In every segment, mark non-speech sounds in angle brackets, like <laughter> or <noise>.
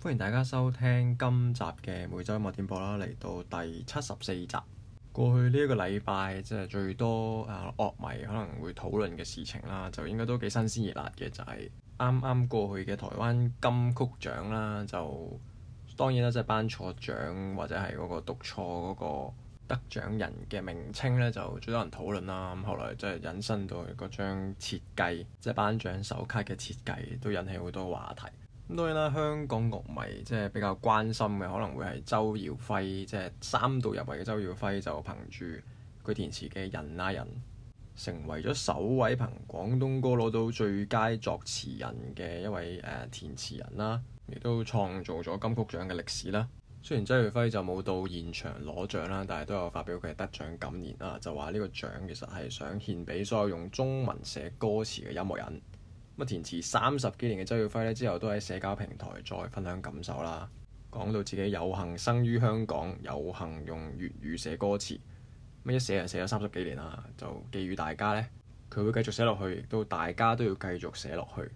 歡迎大家收聽今集嘅每周音樂點播啦，嚟到第七十四集。過去呢一個禮拜，即係最多啊樂迷可能會討論嘅事情啦，就應該都幾新鮮熱辣嘅，就係啱啱過去嘅台灣金曲獎啦。就當然啦，即係頒錯獎或者係嗰個讀錯嗰個得獎人嘅名稱呢，就最多人討論啦。咁，嗯，後來即係引申到嗰張設計，即係頒獎手卡嘅設計，都引起好多話題。咁當然啦，香港樂迷即係比較關心嘅，可能會係周耀輝，即係三度入圍嘅周耀輝，就憑住佢填詞嘅《人啊人》，成為咗首位憑廣東歌攞到最佳作詞人嘅一位誒填詞人啦，亦都創造咗金曲獎嘅歷史啦。雖然周耀輝就冇到現場攞獎啦，但係都有發表佢嘅得獎感言啊，就話呢個獎其實係想獻俾所有用中文寫歌詞嘅音樂人。咁填詞三十幾年嘅周耀輝咧，之後都喺社交平台再分享感受啦。講到自己有幸生於香港，有幸用粵語寫歌詞，乜、嗯、一寫就寫咗三十幾年啦，就寄語大家呢，佢會繼續寫落去，到大家都要繼續寫落去。咁、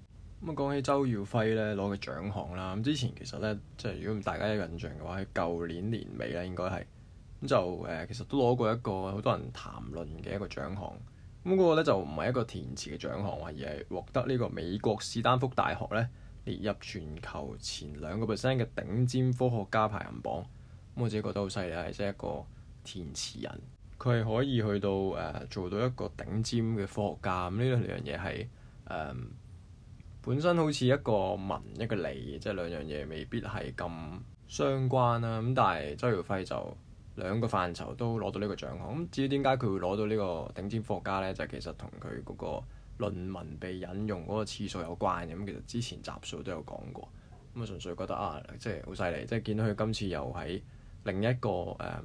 嗯、啊，講起周耀輝呢，攞嘅獎項啦，咁之前其實呢，即係如果大家有印象嘅話，喺舊年年尾咧應該係咁就誒、呃，其實都攞過一個好多人談論嘅一個獎項。咁嗰個咧就唔係一個填詞嘅獎項，而係獲得呢個美國史丹福大學咧列入全球前兩個 percent 嘅頂尖科學家排行榜。咁我自己覺得好犀利，係即係一個填詞人，佢係可以去到誒、呃、做到一個頂尖嘅科學家。咁呢兩樣嘢係誒本身好似一個文一個理，即係兩樣嘢未必係咁相關啦、啊。咁但係周耀輝就～兩個範疇都攞到呢個獎項，咁至於點解佢會攞到呢個頂尖科學家呢？就係、其實同佢嗰個論文被引用嗰個次數有關嘅，咁其實之前集數都有講過，咁啊純粹覺得啊，即係好犀利，即係見到佢今次又喺另一個誒、呃、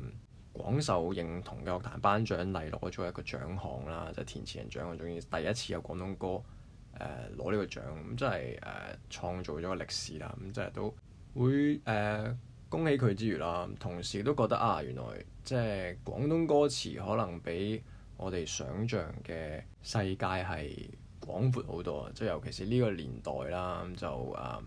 廣受認同嘅樂壇頒獎禮攞咗一個獎項啦，就係、填詞人獎項，仲要第一次有廣東歌誒攞呢個獎，咁真係誒創造咗個歷史啦，咁即係都會誒。呃恭喜佢之餘啦，同時都覺得啊，原來即係、就是、廣東歌詞可能比我哋想像嘅世界係廣闊好多，即係尤其是呢個年代啦，就誒、呃、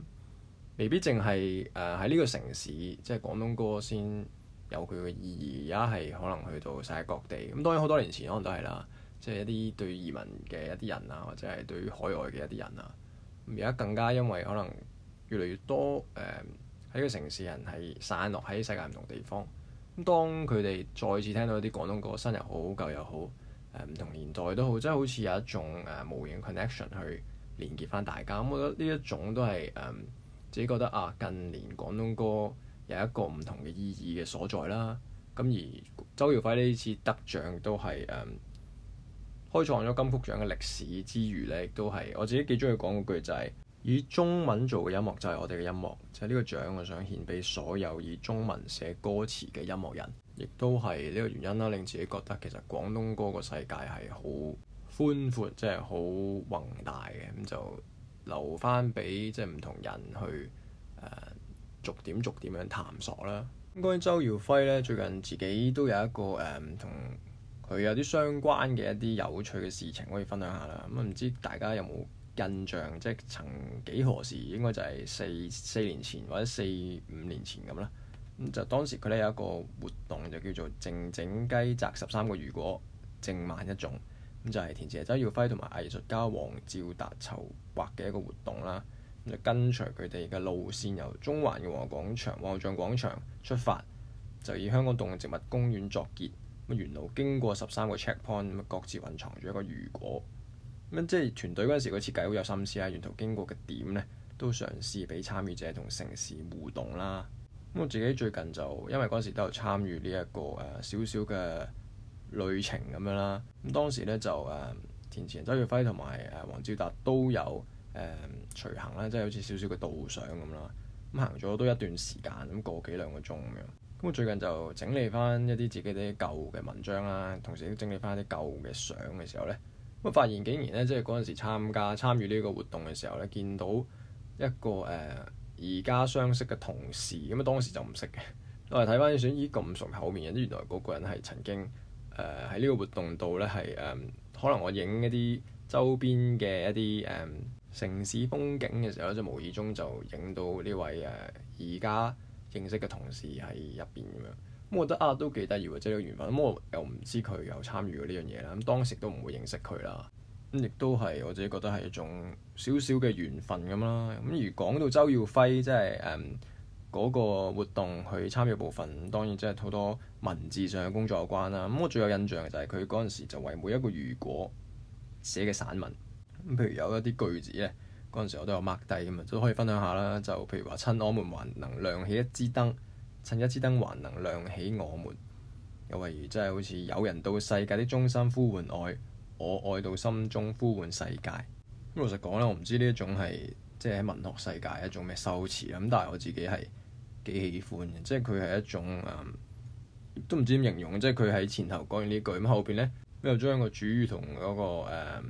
未必淨係誒喺呢個城市，即、就、係、是、廣東歌先有佢嘅意義。而家係可能去到世界各地咁，當然好多年前可能都係啦，即、就、係、是、一啲對移民嘅一啲人啊，或者係對於海外嘅一啲人啊。而家更加因為可能越嚟越多誒。呃喺個城市人係散落喺世界唔同地方，咁當佢哋再次聽到啲廣東歌，新又好舊又好，誒唔、嗯、同年代都好，即係好似有一種誒、呃、無形嘅 connection 去連結翻大家。咁、嗯、我覺得呢一種都係誒、嗯、自己覺得啊近年廣東歌有一個唔同嘅意義嘅所在啦。咁、嗯、而周耀輝呢次得獎都係誒、嗯、開創咗金曲獎嘅歷史之餘咧，都係我自己幾鍾意講句就係、是。以中文做嘅音樂就係我哋嘅音樂，即係呢個獎我想獻俾所有以中文寫歌詞嘅音樂人，亦都係呢個原因啦，令自己覺得其實廣東歌個世界係好寬闊，即係好宏大嘅，咁、嗯、就留翻俾即係唔同人去、嗯、逐點逐點樣探索啦。應、嗯、該周耀輝呢，最近自己都有一個誒同佢有啲相關嘅一啲有趣嘅事情可以分享下啦。咁、嗯、唔知大家有冇？印象即係曾幾何時應該就係四四年前或者四五年前咁啦。咁就當時佢咧有一個活動就叫做靜靜雞摘十三個如果，靜漫一種，咁就係填詞人周耀輝同埋藝術家黃照達籌劃嘅一個活動啦。咁就跟隨佢哋嘅路線，由中環嘅和廣場皇后像廣場出發，就以香港動植物公園作結，咁沿路經過十三個 checkpoint，咁各自蘊藏住一個如果。咁、嗯、即係團隊嗰陣時個設計好有心思啦，沿途經過嘅點呢都嘗試俾參與者同城市互動啦。咁我自己最近就因為嗰陣時都有參與呢、呢、一個誒少少嘅旅程咁樣啦。咁當時呢，就誒田、呃、前，前周耀輝同埋誒黃照達都有誒、呃、隨行啦，即係好似少少嘅導賞咁啦。咁行咗都一段時間，咁個幾兩個鐘咁樣。咁我最近就整理翻一啲自己啲舊嘅文章啦，同時都整理翻啲舊嘅相嘅時候呢。咁發現竟然咧，即係嗰陣時參加參與呢個活動嘅時候咧，見到一個誒而家相識嘅同事，咁啊，當時就唔識嘅。我哋睇翻啲相，咦咁熟口面嘅，原來嗰個人係曾經誒喺呢個活動度咧係誒，可能我影一啲周邊嘅一啲誒、呃、城市風景嘅時候咧，就無意中就影到呢位誒而家認識嘅同事喺入邊啦。我覺得啊都幾得意或者個緣分，咁我又唔知佢有參與過呢樣嘢啦，咁當時都唔會認識佢啦，咁亦都係我自己覺得係一種少少嘅緣分咁啦。咁如講到周耀輝，即係誒嗰個活動佢參與部分，當然即係好多文字上嘅工作有關啦。咁我最有印象嘅就係佢嗰陣時就為每一個如果寫嘅散文，咁譬如有一啲句子咧，嗰陣時我都有 mark 低，咁啊，都可以分享下啦。就譬如話，親，我們還能亮起一支燈。趁一支燈還能亮起我，我們又為如真係好似有人到世界的中心呼喚愛，我愛到心中呼喚世界。咁、嗯、老實講咧，我唔知呢一種係即係喺文學世界一種咩修辭咁，但係我自己係幾喜歡嘅，即係佢係一種都唔、嗯、知點形容。即係佢喺前頭講完呢句，咁後面呢，咧又將個主語同嗰、那個誒、嗯、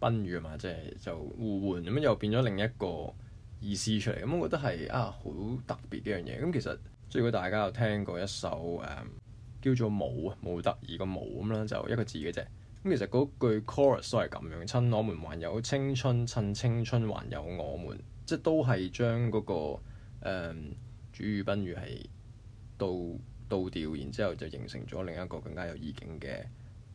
賓語啊嘛，即、就、係、是、就互換咁，又變咗另一個意思出嚟。咁、嗯、我覺得係啊，好特別嘅樣嘢。咁其實～如果大家有聽過一首誒、嗯、叫做《冇》啊，《冇》得意個《冇》咁啦，就一個字嘅啫。咁其實嗰句 chorus 都係咁樣，趁我們還有青春，趁青春還有我們，即係都係將嗰個、嗯、主語賓語係倒倒掉，然之後就形成咗另一個更加有意境嘅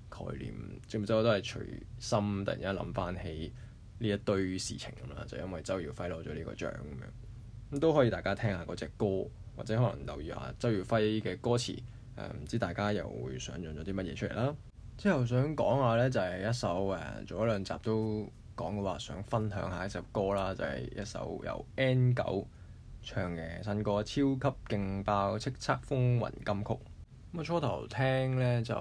概念。知唔知，我都係隨心突然間諗翻起呢一堆事情咁啦，就因為周耀輝攞咗呢個獎咁樣，咁都可以大家聽下嗰隻歌。或者可能留意下周耀輝嘅歌詞，唔、嗯、知大家又會想像咗啲乜嘢出嚟啦。之後想講下呢，就係一首誒，做咗兩集都講嘅話，想分享一下一首歌啦，就係、是、一首由 N9 唱嘅新歌，超級勁爆《叱咤風雲金曲》。咁、嗯、啊初頭聽呢，就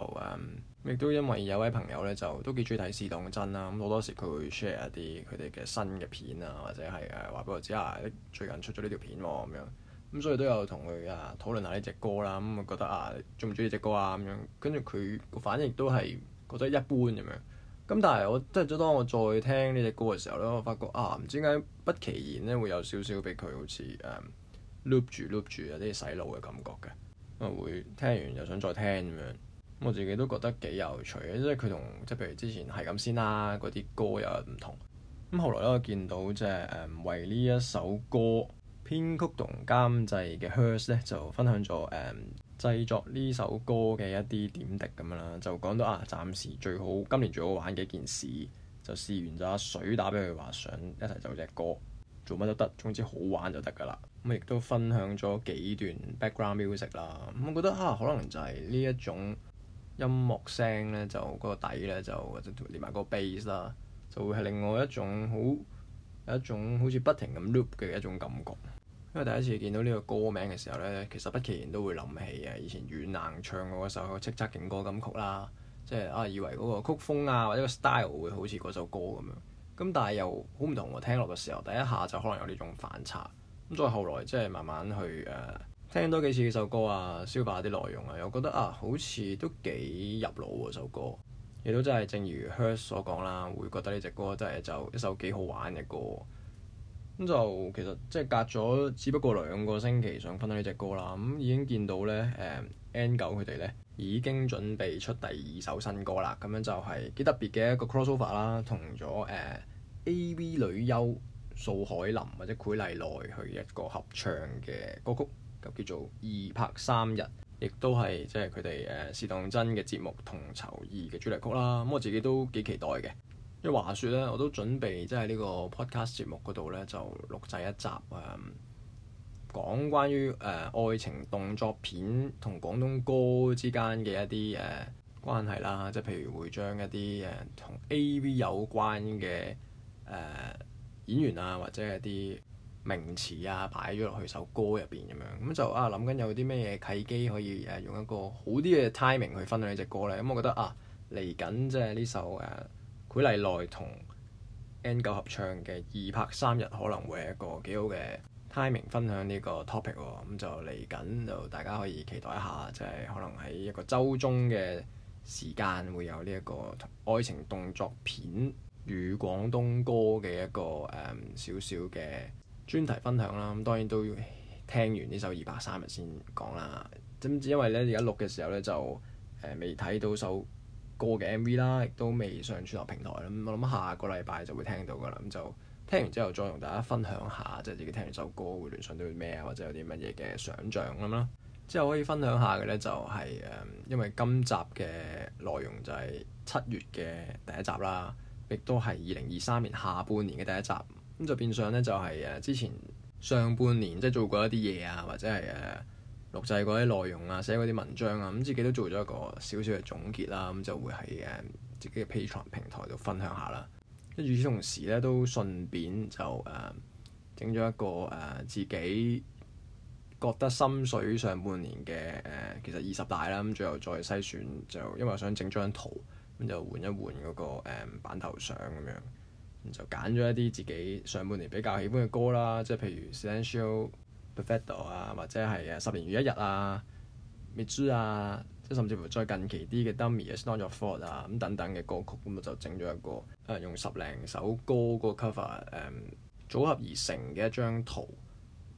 亦、嗯、都因為有位朋友呢，就都幾中意睇《試當真》啦、嗯。咁好多時佢會 share 一啲佢哋嘅新嘅片啊，或者係誒話俾我知啊，最近出咗呢條片喎咁樣。咁、嗯、所以都有同佢啊討論下呢隻歌啦，咁、嗯、啊覺得啊鍾唔鍾意隻歌啊咁樣，跟住佢個反應都係覺得一般咁樣。咁但係我即係當我再聽呢隻歌嘅時候咧，我發覺啊唔知點解不期然咧會有少少俾佢好似誒、嗯、loop 住 loop 住有啲洗腦嘅感覺嘅，咁啊會聽完又想再聽咁樣。咁我自己都覺得幾有趣，即係佢同即係譬如之前係咁先啦嗰啲歌又唔同。咁、嗯、後來咧我見到即係誒為呢一首歌。編曲同監製嘅 Hers 咧就分享咗誒、um，製作呢首歌嘅一啲點滴咁樣啦，就講到啊，暫時最好今年最好玩嘅一件事就試完咗阿水打，打俾佢話想一齊走隻歌，做乜都得，總之好玩就得㗎啦。咁亦都分享咗幾段 background music 啦。咁我覺得啊，可能就係呢一種音樂聲咧，就嗰個底咧，就或者連埋個 bass 啦，就會係另外一種好有一種好似不停咁 loop 嘅一種感覺。因為第一次見到呢個歌名嘅時候呢，其實不其然都會諗起啊，以前軟硬唱過嗰首《叱咤勁歌金曲》啦，即係啊以為嗰個曲風啊或者個 style 會好似嗰首歌咁樣，咁但係又好唔同喎、啊。聽落嘅時候，第一下就可能有呢種反差。咁再後來即係慢慢去誒、啊、聽多幾次呢首歌啊，消化啲內容啊，又覺得啊好似都幾入腦喎、啊、首歌。亦都真係正如 Hers 所講啦，會覺得呢隻歌真係就一首幾好玩嘅歌。咁就其實即係隔咗只不過兩個星期，想分享呢隻歌啦，咁已經見到咧誒 N9 佢哋咧已經準備出第二首新歌啦，咁樣就係幾特別嘅一個 crossover 啦，同咗誒 A.V 女優素海琳或者繪麗奈去一個合唱嘅歌曲，咁叫做二拍三日，亦都係即係佢哋誒試當、就是 uh，真嘅節目同籌二嘅主題曲啦，咁我自己都幾期待嘅。即係話説咧，我都準備即係呢個 podcast 節目嗰度咧，就錄製一集誒、嗯，講關於誒、呃、愛情動作片同廣東歌之間嘅一啲誒、呃、關係啦。即係譬如會將一啲誒同、呃、AV 有關嘅誒、呃、演員啊，或者一啲名詞啊，擺咗落去首歌入邊咁樣。咁、嗯、就啊，諗緊有啲咩嘢契機可以誒、啊、用一個好啲嘅 timing 去分享呢隻歌咧。咁、嗯、我覺得啊，嚟緊即係呢首誒。啊繪麗奈同 N9 合唱嘅《二拍三日》可能會係一個幾好嘅 timing 分享呢個 topic，咁、哦嗯、就嚟緊就大家可以期待一下，就係可能喺一個週中嘅時間會有呢一個愛情動作片與廣東歌嘅一個誒少少嘅專題分享啦。咁、嗯、當然都要聽完呢首《二拍三日》先講啦。點知因為咧而家錄嘅時候咧就誒未睇到首歌嘅 MV 啦，亦都未上傳落平台咁、嗯、我諗下個禮拜就會聽到噶啦，咁、嗯、就聽完之後再同大家分享下，即、就、係、是、自己聽完首歌會聯想到咩啊？或者有啲乜嘢嘅想像咁啦、嗯。之後可以分享下嘅呢，就係、是、誒、嗯，因為今集嘅內容就係七月嘅第一集啦，亦都係二零二三年下半年嘅第一集，咁就變相呢，就係、是、誒之前上半年即係、就是、做過一啲嘢啊，或者係誒。錄製嗰啲內容啊，寫嗰啲文章啊，咁自己都做咗一個少少嘅總結啦，咁、嗯、就會喺誒自己嘅 Patreon 平台度分享下啦。跟住此同時咧，都順便就誒整咗一個誒、呃、自己覺得心水上半年嘅誒、呃，其實二十大啦，咁、嗯、最後再篩選就，就因為我想整張圖，咁就換一換嗰、那個誒、呃、版頭相咁樣，嗯、就揀咗一啲自己上半年比較喜歡嘅歌啦，即係譬如 perfecto 啊，Perfect o，或者係誒十年如一日啊 m i t u 啊，即係甚至乎再近期啲嘅 dummy 嘅 snowdrop 啊，咁等等嘅歌曲，咁啊就整咗一個誒用十零首歌個 cover 誒組合而成嘅一張圖，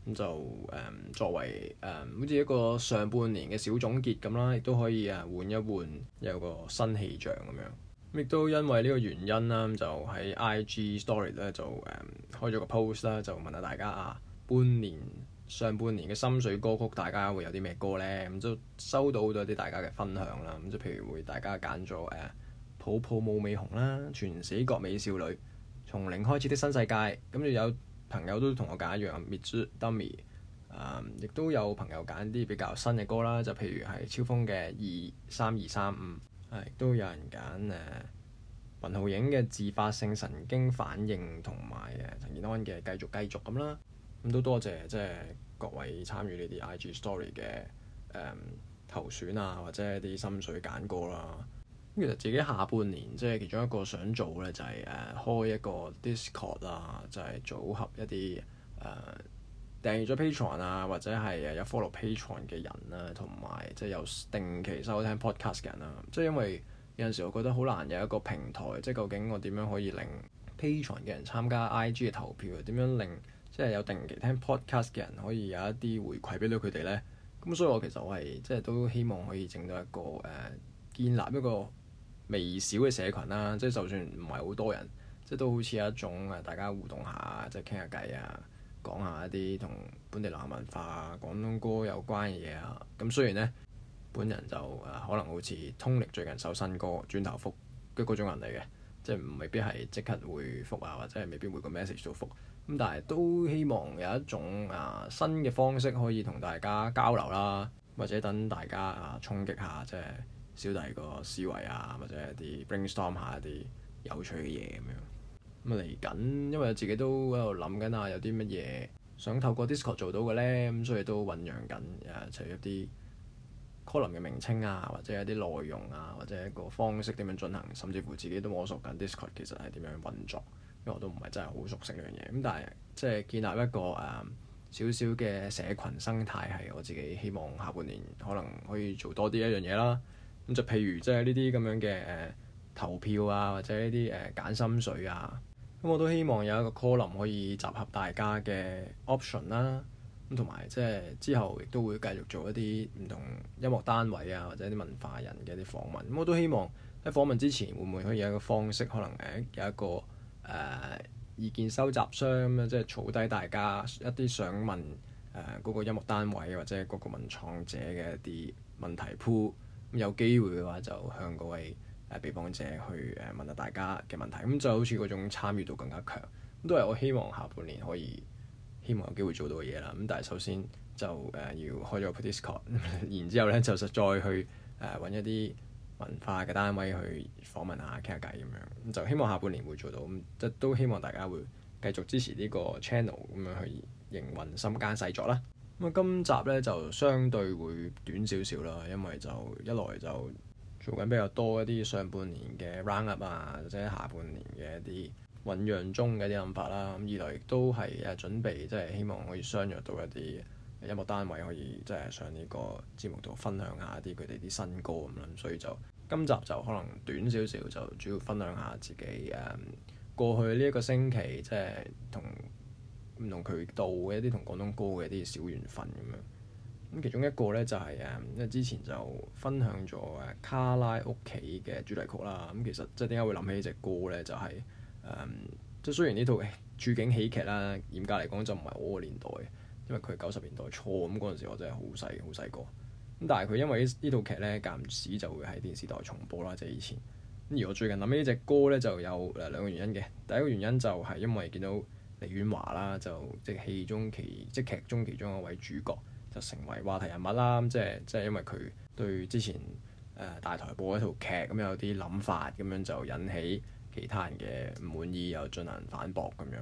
咁就誒作為誒好似一個上半年嘅小總結咁啦，亦都可以啊換一換有個新氣象咁樣。咁亦都因為呢個原因啦，就喺 i g story 咧就誒開咗個 post 啦，就問下大家啊，半年。上半年嘅心水歌曲，大家會有啲咩歌呢？咁就收到咗啲大家嘅分享啦。咁就譬如會大家揀咗誒《抱抱無尾熊》泡泡啦，《全死角美少女》、《從零開始的新世界》。咁就有朋友都同我揀一樣，啊《Mitsumi》。誒，亦都有朋友揀啲比較新嘅歌啦，就譬如係超風嘅《二三二三五》，亦都有人揀誒雲浩影嘅《自發性神經反應》啊，同埋誒陳健安嘅《繼續繼續》咁啦。咁都多謝即係各位參與呢啲 IG story 嘅誒、嗯、投選啊，或者一啲心水揀歌啦。咁其實自己下半年即係其中一個想做咧、就是，就係誒開一個 Discord 啊，就係、是、組合一啲誒、呃、訂閱咗 Patreon 啊，或者係有 follow Patreon 嘅人啦、啊，同埋即係有定期收聽 podcast 嘅人啦、啊。即係因為有陣時我覺得好難有一個平台，即係究竟我點樣可以令 Patreon 嘅人參加 IG 嘅投票？點樣令？即係有定期聽 podcast 嘅人，可以有一啲回饋俾到佢哋呢。咁所以我其實我係即係都希望可以整到一個誒、呃、建立一個微小嘅社群啦。即係就算唔係好多人，即係都好似有一種誒大家互動下，即係傾下偈啊，講下一啲同本地南文化、廣東歌有關嘅嘢啊。咁雖然呢，本人就誒、呃、可能好似通力最近首新歌轉頭覆嘅嗰種人嚟嘅，即係未必係即刻會覆啊，或者係未必每個 message 都覆。咁但係都希望有一種啊新嘅方式可以同大家交流啦，或者等大家啊衝擊下即係、就是、小弟個思維啊，或者一啲 brainstorm 下一啲有趣嘅嘢咁樣。咁嚟緊，因為自己都喺度諗緊啊，有啲乜嘢想透過 Discord 做到嘅呢？咁、嗯、所以都醖釀緊誒、啊，就是、一啲 column 嘅名稱啊，或者一啲內容啊，或者一個方式點樣進行，甚至乎自己都摸索緊 Discord 其實係點樣運作。因為我都唔係真係好熟悉呢樣嘢，咁但係即係建立一個誒少少嘅社群生態，係我自己希望下半年可能可以做多啲一樣嘢啦。咁就譬如即係呢啲咁樣嘅誒、啊、投票啊，或者呢啲誒揀心水啊。咁我都希望有一個 column 可以集合大家嘅 option 啦、啊。咁同埋即係之後亦都會繼續做一啲唔同音樂單位啊，或者啲文化人嘅一啲訪問。咁我都希望喺訪問之前會唔會可以有一個方式，可能誒、啊、有一個。誒、uh, 意見收集箱即係儲低大家一啲想問誒嗰、uh, 個音樂單位或者嗰個文創者嘅一啲問題 pool 咁有機會嘅話就向各位誒被訪者去誒、uh, 問下大家嘅問題，咁就好似嗰種參與度更加強，咁都係我希望下半年可以希望有機會做到嘅嘢啦。咁但係首先就誒、uh, 要開咗個 Discord， <laughs> 然之後咧就實、是、再去誒揾、uh, 一啲。文化嘅單位去訪問下傾下偈咁樣，就希望下半年會做到，咁即都希望大家會繼續支持呢個 channel 咁樣去營運心間細作啦。咁啊，今集呢，就相對會短少少啦，因為就一來就做緊比較多一啲上半年嘅 round up 啊，或者下半年嘅一啲醖釀中嘅一啲諗法啦，咁二來亦都係誒準備，即係希望可以相約到一啲。音樂單位可以即係上呢個節目度分享一下啲佢哋啲新歌咁啦，所以就今集就可能短少少，就主要分享下自己誒、嗯、過去呢一個星期即係同唔同渠道嘅一啲同廣東歌嘅一啲小緣分咁樣。咁、嗯、其中一個咧就係、是、誒，因、嗯、為之前就分享咗誒卡拉屋企嘅主題曲啦。咁、嗯、其實即係點解會諗起呢隻歌咧？就係、是、誒，即、嗯、係雖然呢套處境喜劇啦，嚴格嚟講就唔係我個年代。因為佢九十年代初咁嗰陣時，我真係好細好細個咁。但係佢因為呢套劇咧，暫時就會喺電視台重播啦。即係以前咁。而我最近諗起呢隻歌呢，就有誒兩個原因嘅。第一個原因就係因為見到李婉華啦，就即係戲中其即係劇中其中一位主角就成為話題人物啦。即係即係因為佢對之前誒、呃、大台播一套劇咁、嗯、有啲諗法咁樣，就引起其他人嘅唔滿意，又進行反駁咁樣。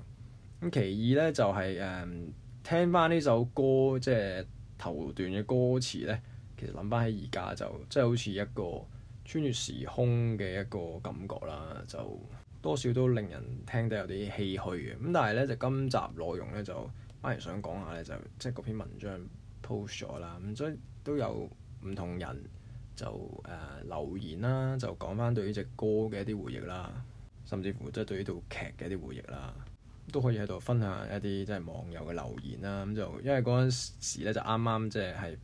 咁其二呢，就係、是、誒。嗯聽翻呢首歌，即係頭段嘅歌詞呢，其實諗翻起而家就，即係好似一個穿越時空嘅一個感覺啦，就多少都令人聽得有啲唏噓嘅。咁但係呢，就今集內容呢，就，反而想講下呢，就即係嗰篇文章 post 咗啦，咁所以都有唔同人就誒、呃、留言啦，就講翻對呢隻歌嘅一啲回憶啦，甚至乎即係對呢套劇嘅一啲回憶啦。都可以喺度分享一啲即係網友嘅留言啦、啊，咁就因為嗰陣時咧就啱啱即係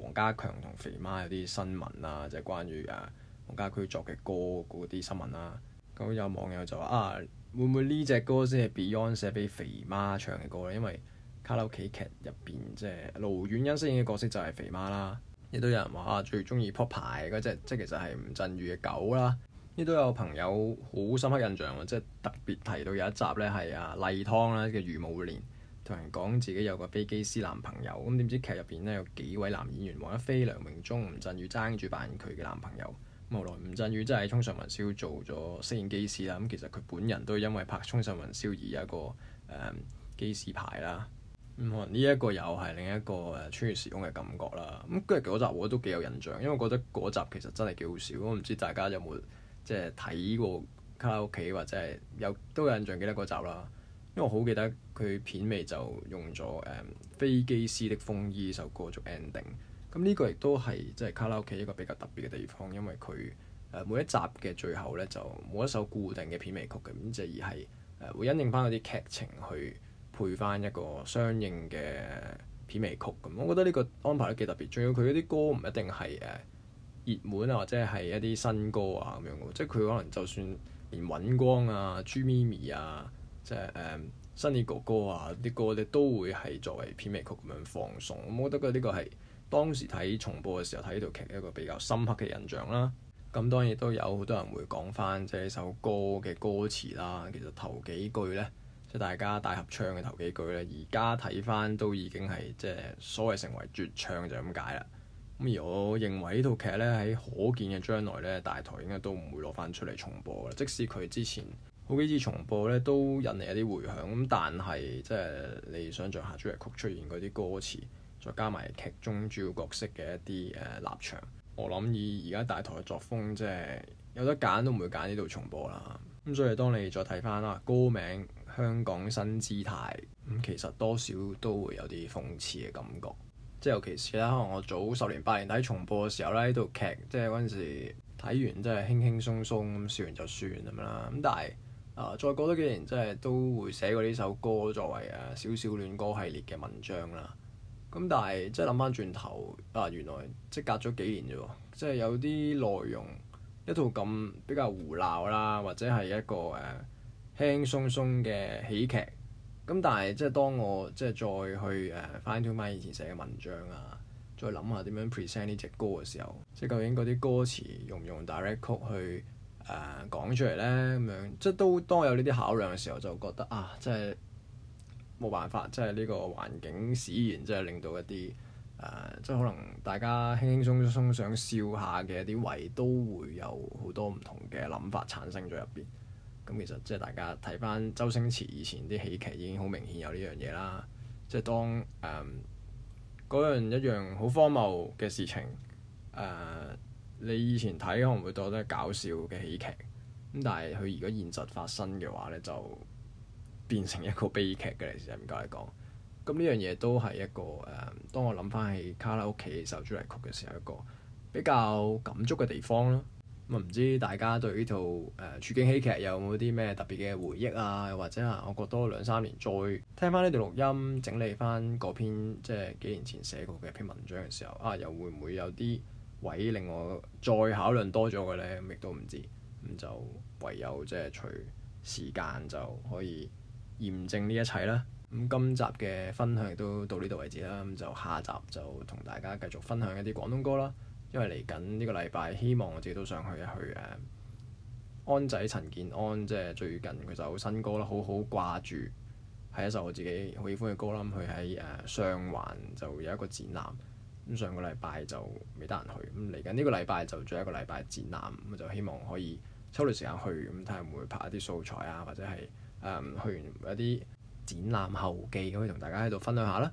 黃家強同肥媽有啲新聞啦、啊，即、就、係、是、關於啊黃家駒作嘅歌嗰啲新聞啦、啊。咁有網友就話啊，會唔會呢隻歌先係 Beyond 寫俾肥媽唱嘅歌咧？因為卡拉屋企劇入邊即係盧宛茵飾演嘅角色就係肥媽啦。亦都有人話啊，最中意 pop 牌嗰隻，即係其實係吳鎮宇嘅狗啦。呢都有朋友好深刻印象，即係特別提到有一集呢，係啊麗湯啦嘅余慕蓮同人講自己有個飛機師男朋友，咁點知劇入邊呢，有幾位男演員黃一飛、梁榮忠、吳鎮宇爭住扮演佢嘅男朋友，咁後來吳鎮宇真係喺《沖上雲霄》做咗飾演機師啦，咁其實佢本人都因為拍《沖上雲霄》而有一個誒、嗯、機師牌啦，咁可能呢一個又係另一個穿越時空嘅感覺啦，咁跟住嗰集我都幾有印象，因為我覺得嗰集其實真係幾好笑，我唔知大家有冇？即係睇過卡拉屋企或者係有都有印象記得個集啦，因為我好記得佢片尾就用咗誒、嗯、飛機師的風衣首歌做 ending，咁呢個亦都係即係卡拉屋企一個比較特別嘅地方，因為佢誒、呃、每一集嘅最後咧就冇一首固定嘅片尾曲嘅，咁即而係誒、呃、會因應翻嗰啲劇情去配翻一個相應嘅片尾曲咁，我覺得呢個安排得幾特別，仲要佢嗰啲歌唔一定係誒。呃熱門啊，或者係一啲新歌啊咁樣嘅，即係佢可能就算連尹光啊、朱咪咪啊，即係誒新嘅哥哥啊啲歌咧，都會係作為片尾曲咁樣放送。我覺得佢呢個係當時睇重播嘅時候睇呢套劇一個比較深刻嘅印象啦。咁當然都有好多人會講翻即係呢首歌嘅歌詞啦。其實頭幾句呢，即係大家大合唱嘅頭幾句呢，而家睇翻都已經係即係所謂成為絕唱就咁解啦。咁而我認為呢套劇咧喺可見嘅將來咧，大台應該都唔會攞翻出嚟重播喇。即使佢之前好幾次重播咧，都引嚟一啲迴響。咁但係即係你想象下主題曲出現嗰啲歌詞，再加埋劇中主要角色嘅一啲誒、呃、立場，我諗以而家大台嘅作風，即係有得揀都唔會揀呢度重播啦。咁、嗯、所以當你再睇翻啦，歌名《香港新姿態》，嗯，咁其實多少都會有啲諷刺嘅感覺。即係尤其是咧，可能我早十年、八年睇重播嘅時候咧，呢套劇即係嗰陣時睇完，即係輕輕鬆鬆咁笑完就算咁啦。咁但係啊、呃，再過多幾年，即係都會寫過呢首歌作為誒少少戀歌系列嘅文章啦。咁但係即係諗翻轉頭啊，原來即係隔咗幾年啫喎，即係有啲內容一套咁比較胡鬧啦，或者係一個誒、啊、輕鬆鬆嘅喜劇。咁、嗯、但係即係當我即係再去誒翻到翻以前寫嘅文章啊，再諗下點樣 present 呢隻歌嘅時候，即係究竟嗰啲歌詞用唔用 direct 曲去誒講、uh, 出嚟咧？咁樣即係都當有呢啲考量嘅時候，就覺得啊，即係冇辦法，即係呢個環境使然，即係令到一啲誒、uh, 即係可能大家輕輕鬆，鬆鬆想笑下嘅一啲位都會有好多唔同嘅諗法產生咗入邊。咁其實即係大家睇翻周星馳以前啲喜劇已經好明顯有呢樣嘢啦，即係當誒嗰樣一樣好荒謬嘅事情誒、嗯，你以前睇可能會覺得搞笑嘅喜劇，咁但係佢如果現實發生嘅話咧，就變成一個悲劇嘅。唔該你講，咁呢樣嘢都係一個誒、嗯，當我諗翻起卡拉屋企首主題曲嘅時候，一個比較感觸嘅地方咯。唔知大家對呢套誒處境喜劇有冇啲咩特別嘅回憶啊？或者啊，我過多兩三年再聽翻呢段錄音，整理翻嗰篇即係幾年前寫過嘅一篇文章嘅時候啊，又會唔會有啲位令我再考慮多咗嘅呢？亦都唔知，咁就唯有即係隨時間就可以驗證呢一切啦。咁今集嘅分享都到呢度為止啦。咁就下集就同大家繼續分享一啲廣東歌啦。因為嚟緊呢個禮拜，希望我自己都想去一去誒、啊、安仔陳建安，即係最近佢首新歌啦，好好掛住係一首我自己好喜歡嘅歌啦。佢喺誒上環就有一個展覽，咁上個禮拜就未得閒去。咁嚟緊呢個禮拜就仲有一個禮拜展覽，咁就希望可以抽到時間去，咁睇下會唔會拍一啲素材啊，或者係誒、嗯、去完一啲展覽後記，可以同大家喺度分享下啦。